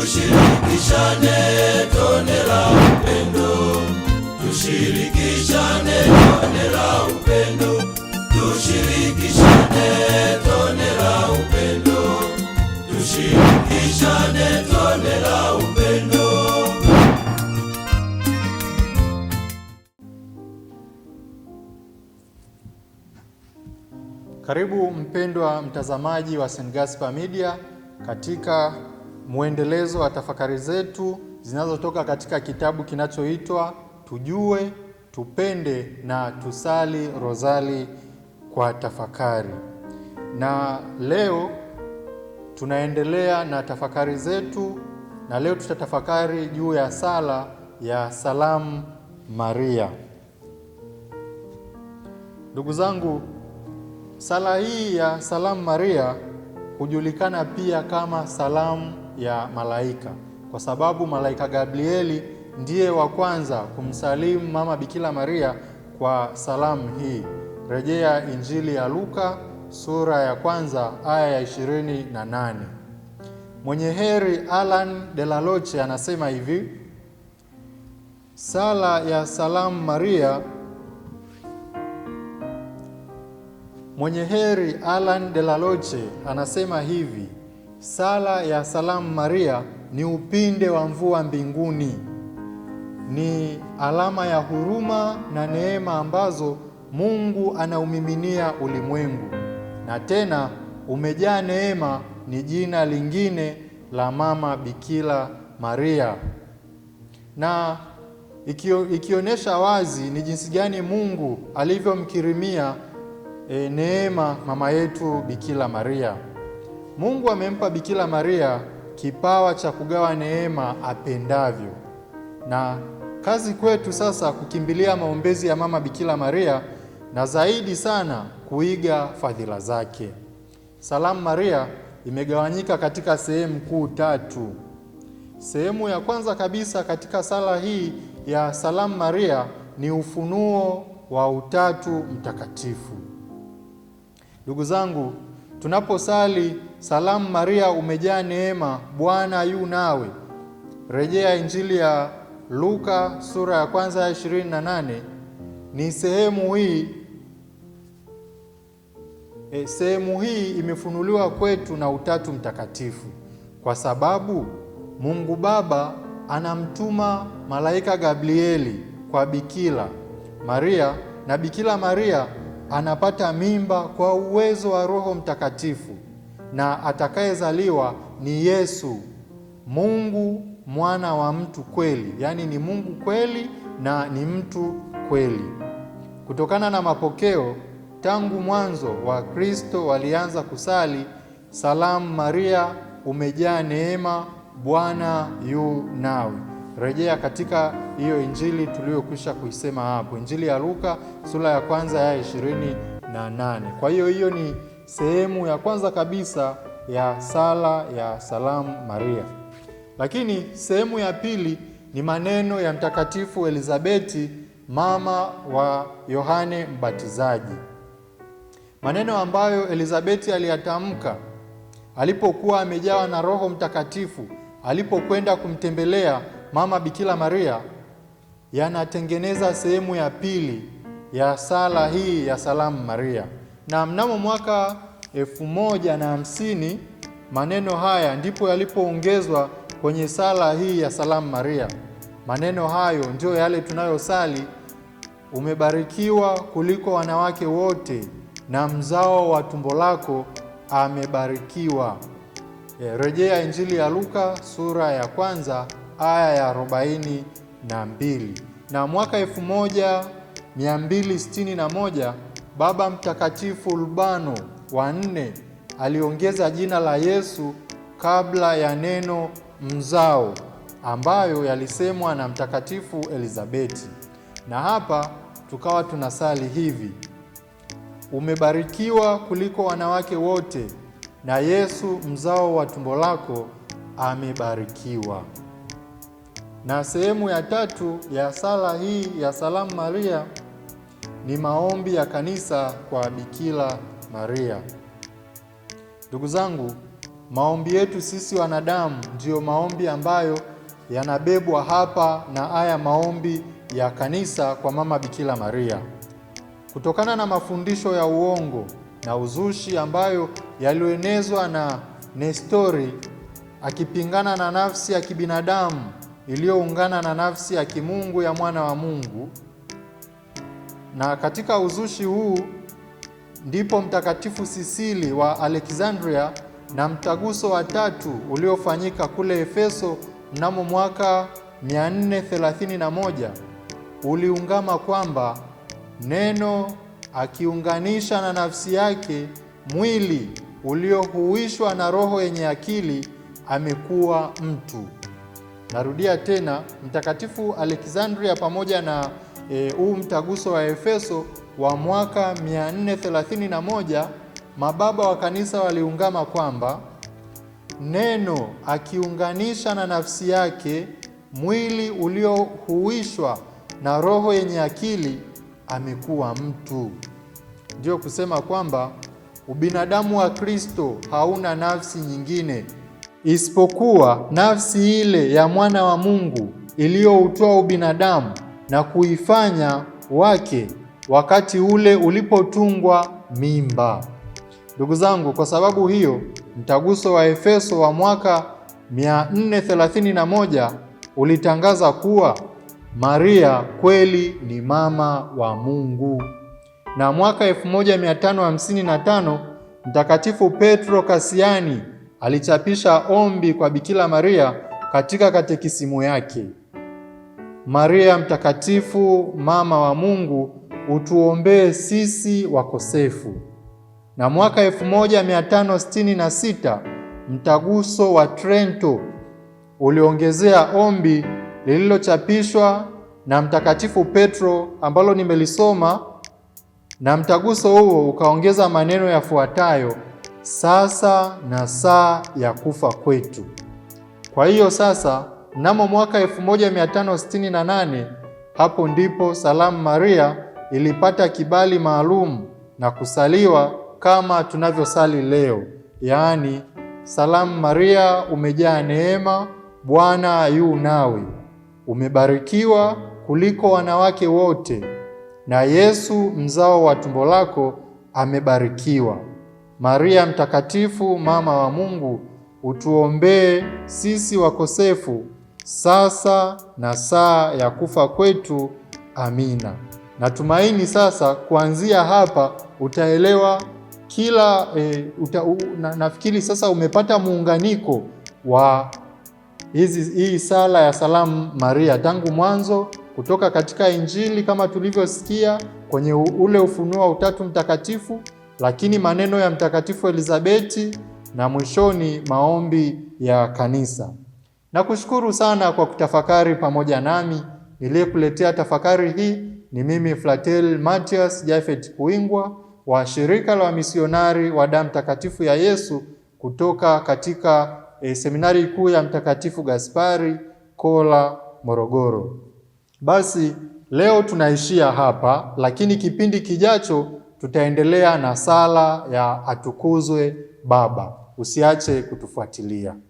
Tushirikishane tone la upendo, tushirikishane tone la upendo, tushirikishane tone la upendo, tushirikishane tone la upendo. Karibu mpendwa mtazamaji wa St. Gaspar Media katika mwendelezo wa tafakari zetu zinazotoka katika kitabu kinachoitwa Tujue, Tupende na Tusali Rozari kwa Tafakari. Na leo tunaendelea na tafakari zetu, na leo tutatafakari juu ya sala ya Salamu Maria. Ndugu zangu, sala hii ya Salamu Maria hujulikana pia kama Salamu ya malaika, kwa sababu malaika Gabrieli ndiye wa kwanza kumsalimu mama Bikira Maria kwa salamu hii. Rejea Injili ya Luka sura ya kwanza aya ya 28. Mwenye heri Alan de la Loche anasema hivi: sala ya salamu Maria. Mwenye heri Alan de la Loche anasema hivi Sala ya Salamu Maria ni upinde wa mvua mbinguni, ni alama ya huruma na neema ambazo Mungu anaumiminia ulimwengu. Na tena umejaa neema ni jina lingine la mama Bikira Maria, na ikionyesha wazi ni jinsi gani Mungu alivyomkirimia e, neema mama yetu Bikira Maria. Mungu amempa Bikira Maria kipawa cha kugawa neema apendavyo, na kazi kwetu sasa kukimbilia maombezi ya mama Bikira Maria na zaidi sana kuiga fadhila zake. Salamu Maria imegawanyika katika sehemu kuu tatu. Sehemu ya kwanza kabisa katika sala hii ya Salamu Maria ni ufunuo wa utatu mtakatifu. Ndugu zangu, tunaposali salamu Maria umejaa neema, Bwana yu nawe, rejea Injili ya Luka sura ya kwanza ya 28, ni sehemu hii e, sehemu hii imefunuliwa kwetu na Utatu Mtakatifu kwa sababu Mungu Baba anamtuma malaika Gabrieli kwa Bikira Maria na Bikira Maria anapata mimba kwa uwezo wa Roho Mtakatifu, na atakayezaliwa ni Yesu, Mungu mwana wa mtu kweli, yaani ni Mungu kweli na ni mtu kweli. Kutokana na mapokeo, tangu mwanzo wa Kristo walianza kusali Salamu Maria, umejaa neema, Bwana yu nawe. Rejea katika hiyo injili tuliyokwisha kuisema hapo, injili ya Luka sura ya kwanza ya ishirini na nane. Kwa hiyo hiyo ni sehemu ya kwanza kabisa ya sala ya salamu Maria, lakini sehemu ya pili ni maneno ya Mtakatifu Elizabeti mama wa Yohane Mbatizaji, maneno ambayo Elizabeti aliyatamka alipokuwa amejawa na Roho Mtakatifu alipokwenda kumtembelea Mama Bikira Maria yanatengeneza sehemu ya pili ya sala hii ya Salamu Maria, na mnamo mwaka elfu moja na hamsini maneno haya ndipo yalipoongezwa kwenye sala hii ya Salamu Maria. Maneno hayo ndio yale tunayosali: umebarikiwa kuliko wanawake wote na mzao wa tumbo lako amebarikiwa. Eh, rejea Injili ya Luka sura ya kwanza aya ya arobaini na mbili. Na mwaka moja Baba Mtakatifu Urbano wa nne aliongeza jina la Yesu kabla ya neno mzao ambayo yalisemwa na Mtakatifu Elizabeti. Na hapa tukawa tunasali hivi: umebarikiwa kuliko wanawake wote, na Yesu mzao wa tumbo lako amebarikiwa. Na sehemu ya tatu ya sala hii ya Salamu Maria ni maombi ya kanisa kwa Bikira Maria. Ndugu zangu, maombi yetu sisi wanadamu ndiyo maombi ambayo yanabebwa hapa na haya maombi ya kanisa kwa Mama Bikira Maria. Kutokana na mafundisho ya uongo na uzushi ambayo yaliyoenezwa na Nestori akipingana na nafsi ya kibinadamu iliyoungana na nafsi ya kimungu ya mwana wa Mungu. Na katika uzushi huu ndipo Mtakatifu Sisili wa Alexandria na mtaguso wa tatu uliofanyika kule Efeso mnamo mwaka 431 uliungama kwamba neno akiunganisha na nafsi yake mwili uliohuishwa na roho yenye akili amekuwa mtu. Narudia tena, Mtakatifu Alexandria pamoja na e, huu e, mtaguso wa Efeso wa mwaka 431 mababa wa kanisa waliungama kwamba neno akiunganisha na nafsi yake mwili uliohuishwa na roho yenye akili amekuwa mtu. Ndiyo kusema kwamba ubinadamu wa Kristo hauna nafsi nyingine isipokuwa nafsi ile ya mwana wa Mungu iliyoutoa ubinadamu na kuifanya wake wakati ule ulipotungwa mimba. Ndugu zangu, kwa sababu hiyo mtaguso wa Efeso wa mwaka 431 ulitangaza kuwa Maria kweli ni mama wa Mungu, na mwaka 1555 Mtakatifu Petro Kasiani alichapisha ombi kwa Bikira Maria katika katekisimu yake. Maria mtakatifu, mama wa Mungu, utuombee sisi wakosefu. Na mwaka 1566 mtaguso wa Trento uliongezea ombi lililochapishwa na Mtakatifu Petro ambalo nimelisoma, na mtaguso huo ukaongeza maneno yafuatayo: sasa na saa ya kufa kwetu. Kwa hiyo sasa, mnamo mwaka 1568 hapo ndipo Salamu Maria ilipata kibali maalum na kusaliwa kama tunavyosali leo, yaani Salamu Maria, umejaa neema, Bwana yu nawe, umebarikiwa kuliko wanawake wote, na Yesu mzao wa tumbo lako amebarikiwa. Maria mtakatifu, mama wa Mungu, utuombee sisi wakosefu, sasa na saa ya kufa kwetu. Amina. Natumaini sasa kuanzia hapa utaelewa kila e, uta, u, na, nafikiri sasa umepata muunganiko wa hizi hii sala ya Salamu Maria tangu mwanzo kutoka katika Injili kama tulivyosikia kwenye ule ufunuo wa Utatu Mtakatifu lakini maneno ya Mtakatifu Elizabeti na mwishoni maombi ya kanisa. Nakushukuru sana kwa kutafakari pamoja nami. Niliyekuletea tafakari hii ni mimi Flatel Matias Jafet Kuingwa wa shirika la wamisionari wa damu takatifu ya Yesu kutoka katika e, seminari kuu ya Mtakatifu Gaspari Kola Morogoro. Basi leo tunaishia hapa, lakini kipindi kijacho tutaendelea na sala ya atukuzwe Baba. Usiache kutufuatilia.